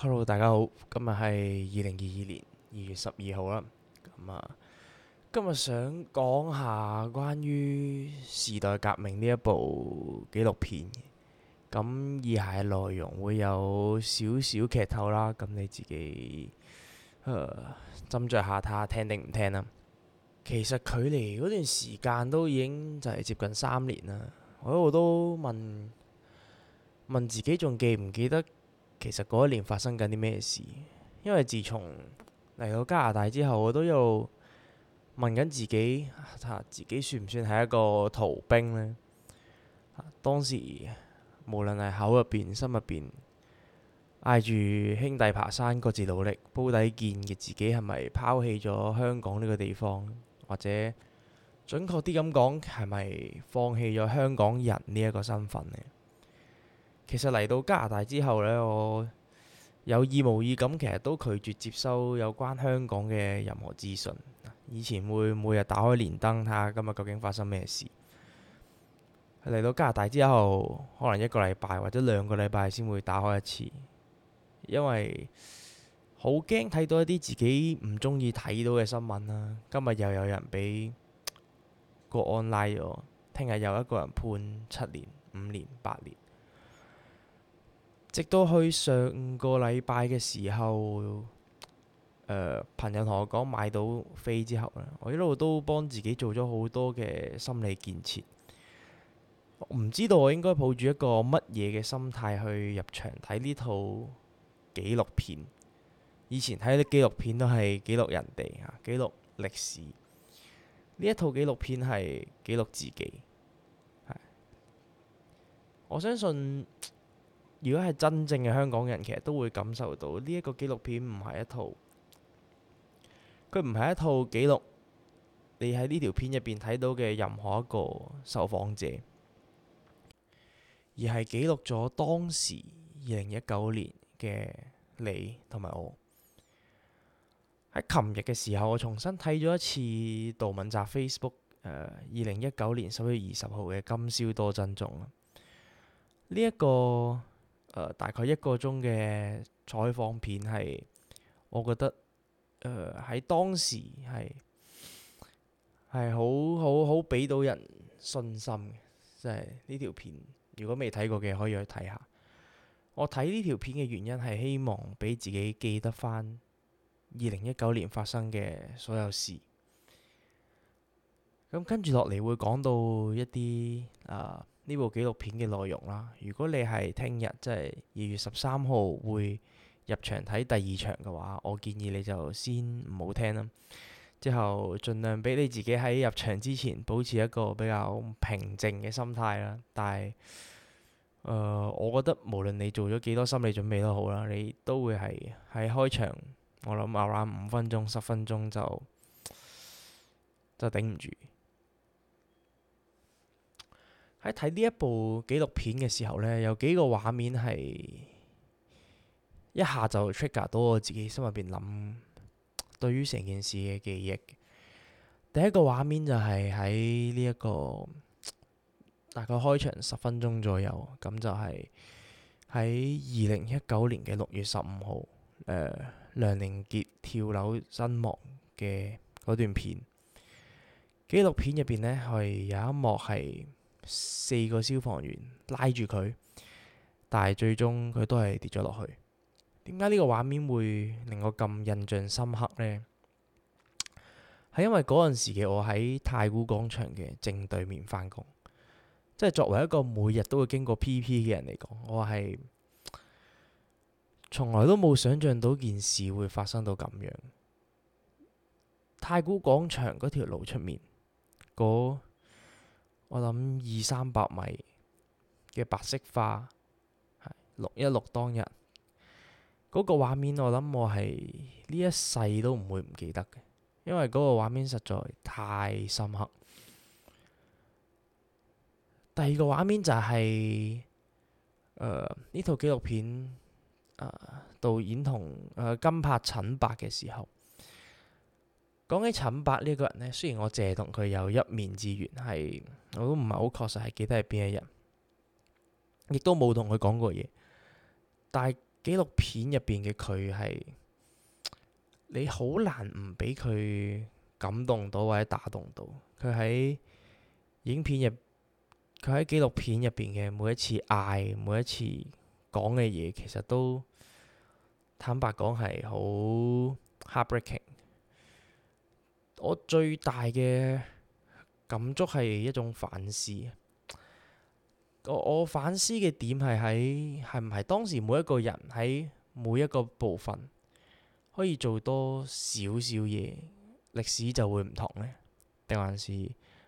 Hello，大家好，今日係二零二二年二月十二號啦。咁、嗯、啊，今日想講下關於《時代革命》呢一部紀錄片。咁、嗯、以下嘅內容會有少少劇透啦，咁、嗯、你自己誒斟酌下，睇下聽定唔聽啦。其實距離嗰段時間都已經就係接近三年啦。我我都問問自己，仲記唔記得？其實嗰一年發生緊啲咩事？因為自從嚟到加拿大之後，我都有問緊自己，啊，自己算唔算係一個逃兵呢？啊，當時無論係口入邊、心入邊，嗌住兄弟爬山，各自努力，煲底見嘅自己係咪拋棄咗香港呢個地方，或者準確啲咁講，係咪放棄咗香港人呢一個身份呢？其實嚟到加拿大之後呢，我有意無意咁，其實都拒絕接收有關香港嘅任何資訊。以前會每日打開連登睇下今日究竟發生咩事。嚟到加拿大之後，可能一個禮拜或者兩個禮拜先會打開一次，因為好驚睇到一啲自己唔中意睇到嘅新聞啦。今日又有人俾國安拉咗，聽日又一個人判七年、五年、八年。直到去上個禮拜嘅時候，誒、呃，朋友同我講買到飛之後咧，我一路都幫自己做咗好多嘅心理建設，唔知道我應該抱住一個乜嘢嘅心態去入場睇呢套紀錄片。以前睇啲紀錄片都係記錄人哋啊，記錄歷史。呢一套紀錄片係記錄自己。係，我相信。如果係真正嘅香港人，其實都會感受到呢一個紀錄片唔係一套，佢唔係一套紀錄。你喺呢條片入邊睇到嘅任何一個受訪者，而係記錄咗當時二零一九年嘅你同埋我。喺琴日嘅時候，我重新睇咗一次杜汶澤 Facebook 呃，二零一九年十一月二十號嘅《今宵多珍重》呢一個。呃、大概一個鐘嘅採訪片係，我覺得喺、呃、當時係係好好好俾到人信心嘅，即係呢條片。如果未睇過嘅可以去睇下。我睇呢條片嘅原因係希望俾自己記得返二零一九年發生嘅所有事。咁跟住落嚟會講到一啲啊～、呃呢部紀錄片嘅內容啦，如果你係聽、就是、日即係二月十三號會入場睇第二場嘅話，我建議你就先唔好聽啦。之後盡量俾你自己喺入場之前保持一個比較平靜嘅心態啦。但係，誒、呃，我覺得無論你做咗幾多心理準備都好啦，你都會係喺開場，我諗咬眼五分鐘、十分鐘就就頂唔住。喺睇呢一部紀錄片嘅時候呢，有幾個畫面係一下就 trigger 到我自己心入邊諗對於成件事嘅記憶。第一個畫面就係喺呢一個大概開場十分鐘左右，咁就係喺二零一九年嘅六月十五號，誒、呃、梁凌傑跳樓身亡嘅嗰段片紀錄片入邊呢，係有一幕係。四個消防員拉住佢，但係最終佢都係跌咗落去。點解呢個畫面會令我咁印象深刻呢？係因為嗰陣時嘅我喺太古廣場嘅正對面翻工，即係作為一個每日都會經過 PP 嘅人嚟講，我係從來都冇想象到件事會發生到咁樣。太古廣場嗰條路出面我諗二三百米嘅白色花，六一六當日嗰、那個畫面，我諗我係呢一世都唔會唔記得嘅，因為嗰個畫面實在太深刻。第二個畫面就係呢套紀錄片誒、呃、導演同、呃、金柏陳伯嘅時候。講起陳伯呢個人呢，雖然我淨係同佢有一面之緣，係我都唔係好確實係記得係邊一日，亦都冇同佢講過嘢。但係紀錄片入邊嘅佢係，你好難唔俾佢感動到或者打動到。佢喺影片入，佢喺紀錄片入邊嘅每一次嗌，每一次講嘅嘢，其實都坦白講係好 heartbreaking。我最大嘅感觸係一種反思我。我我反思嘅點係喺係唔係當時每一個人喺每一個部分可以做多少少嘢，歷史就會唔同呢？定還是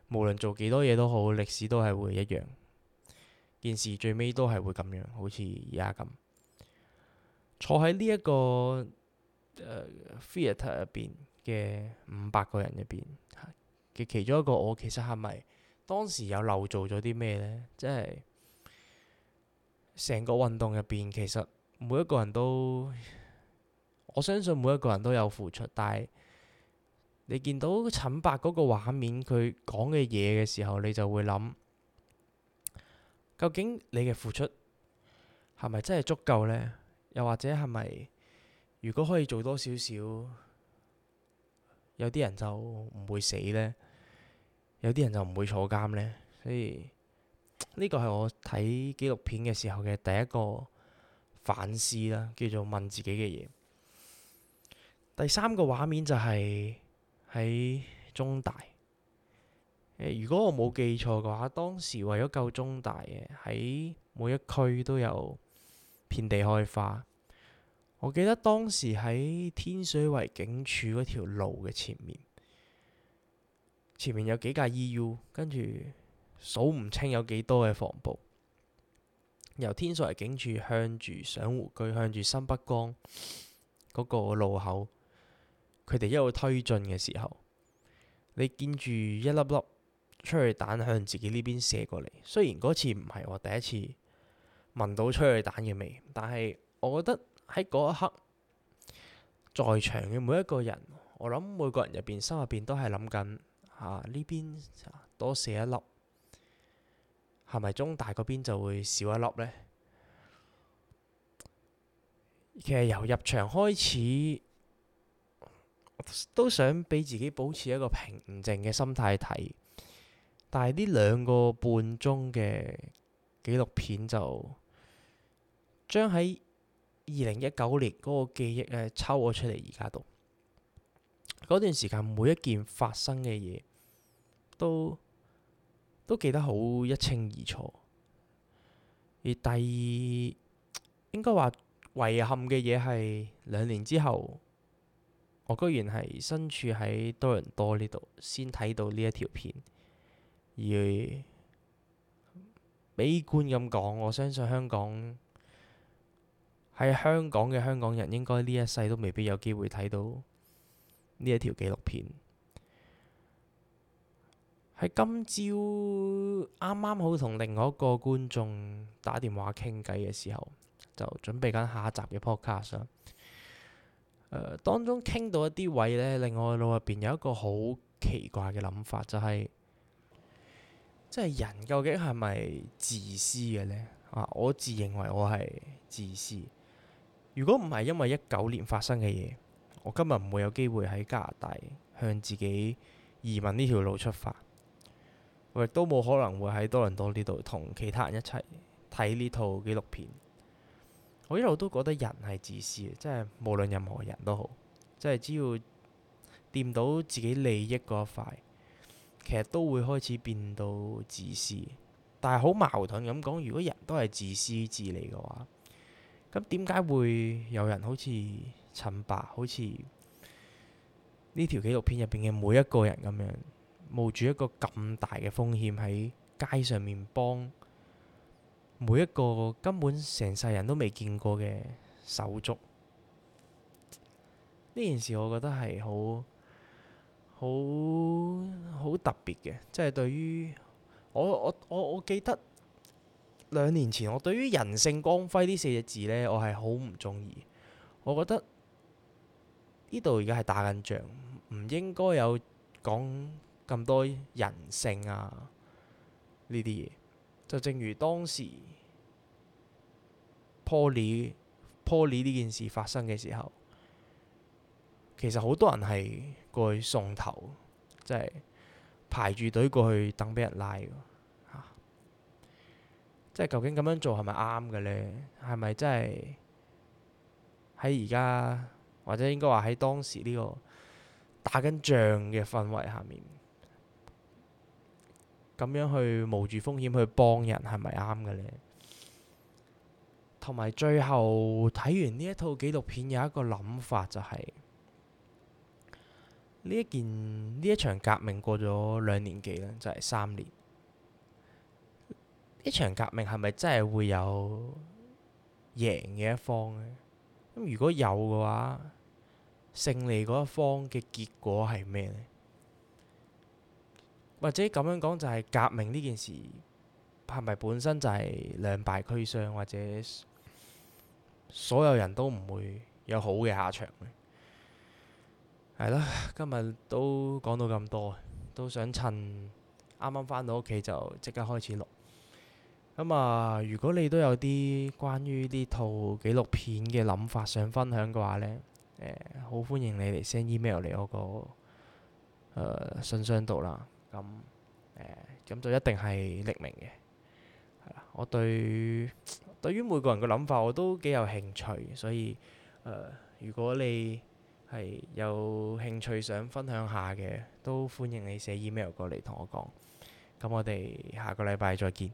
無論做幾多嘢都好，歷史都係會一樣。件事最尾都係會咁樣，好似而家咁坐喺呢一個誒 theater 入邊。呃嘅五百個人入邊嘅其中一個，我其實係咪當時有漏做咗啲咩呢？即係成個運動入邊，其實每一個人都我相信每一個人都有付出，但係你見到陳伯嗰個畫面，佢講嘅嘢嘅時候，你就會諗究竟你嘅付出係咪真係足夠呢？又或者係咪如果可以做多少少？有啲人就唔會死呢，有啲人就唔會坐監呢。所以呢個係我睇紀錄片嘅時候嘅第一個反思啦，叫做問自己嘅嘢。第三個畫面就係喺中大，誒，如果我冇記錯嘅話，當時為咗救中大嘅，喺每一區都有遍地開花。我記得當時喺天水圍警署嗰條路嘅前面，前面有幾架 E.U.，跟住數唔清有幾多嘅防暴由天水圍警署向住上湖居，向住新北江嗰個路口，佢哋一路推進嘅時候，你見住一粒粒催淚彈向自己呢邊射過嚟。雖然嗰次唔係我第一次聞到催淚彈嘅味，但係我覺得。喺嗰一刻，在場嘅每一個人，我諗每個人入邊心入邊都係諗緊，嚇、啊、呢邊多寫一粒，係咪中大嗰邊就會少一粒呢？其實由入場開始，都想俾自己保持一個平靜嘅心態睇，但係呢兩個半鐘嘅紀錄片就將喺。二零一九年嗰個記憶抽咗出嚟，而家都嗰段時間每一件發生嘅嘢都都記得好一清二楚。而第二應該話遺憾嘅嘢係，兩年之後，我居然係身處喺多倫多呢度，先睇到呢一條片。而悲觀咁講，我相信香港。喺香港嘅香港人應該呢一世都未必有機會睇到呢一條紀錄片。喺今朝啱啱好同另外一個觀眾打電話傾偈嘅時候，就準備緊下一集嘅 podcast 啦、啊呃。當中傾到一啲位呢，令我腦入邊有一個好奇怪嘅諗法，就係、是、即係人究竟係咪自私嘅呢？啊，我自認為我係自私。如果唔係因為一九年發生嘅嘢，我今日唔會有機會喺加拿大向自己移民呢條路出發，我亦都冇可能會喺多倫多呢度同其他人一齊睇呢套紀錄片。我一路都覺得人係自私，即係無論任何人都好，即係只要掂到自己利益嗰一塊，其實都會開始變到自私。但係好矛盾咁講，如果人都係自私自利嘅話，咁點解會有人好似陳伯，好似呢條紀錄片入邊嘅每一個人咁樣冒住一個咁大嘅風險喺街上面幫每一個根本成世人都未見過嘅手足？呢件事我覺得係好好好特別嘅，即係對於我我我我記得。兩年前，我對於人性光輝呢四隻字呢，我係好唔中意。我覺得呢度而家係打緊仗，唔應該有講咁多人性啊呢啲嘢。就正如當時 Poly Poly 呢件事發生嘅時候，其實好多人係過去送頭，即係排住隊過去等俾人拉。即係究竟咁樣做係咪啱嘅呢？係咪真係喺而家，或者應該話喺當時呢個打緊仗嘅氛圍下面，咁樣去冒住風險去幫人，係咪啱嘅呢？同埋最後睇完呢一套紀錄片，有一個諗法就係呢一件呢一場革命過咗兩年幾啦，就係三年。一場革命係咪真係會有贏嘅一方呢？如果有嘅話，勝利嗰一方嘅結果係咩呢？或者咁樣講，就係革命呢件事係咪本身就係兩敗俱傷，或者所有人都唔會有好嘅下場咧？係啦，今日都講到咁多，都想趁啱啱返到屋企就即刻開始錄。咁啊、嗯！如果你都有啲關於呢套紀錄片嘅諗法想分享嘅話呢，好、呃、歡迎你嚟 send email 嚟我個、呃、信箱度啦。咁、嗯、咁、呃、就一定係匿名嘅。係啦。我對於對於每個人嘅諗法我都幾有興趣，所以、呃、如果你係有興趣想分享下嘅，都歡迎你寫 email 過嚟同我講。咁我哋下個禮拜再見。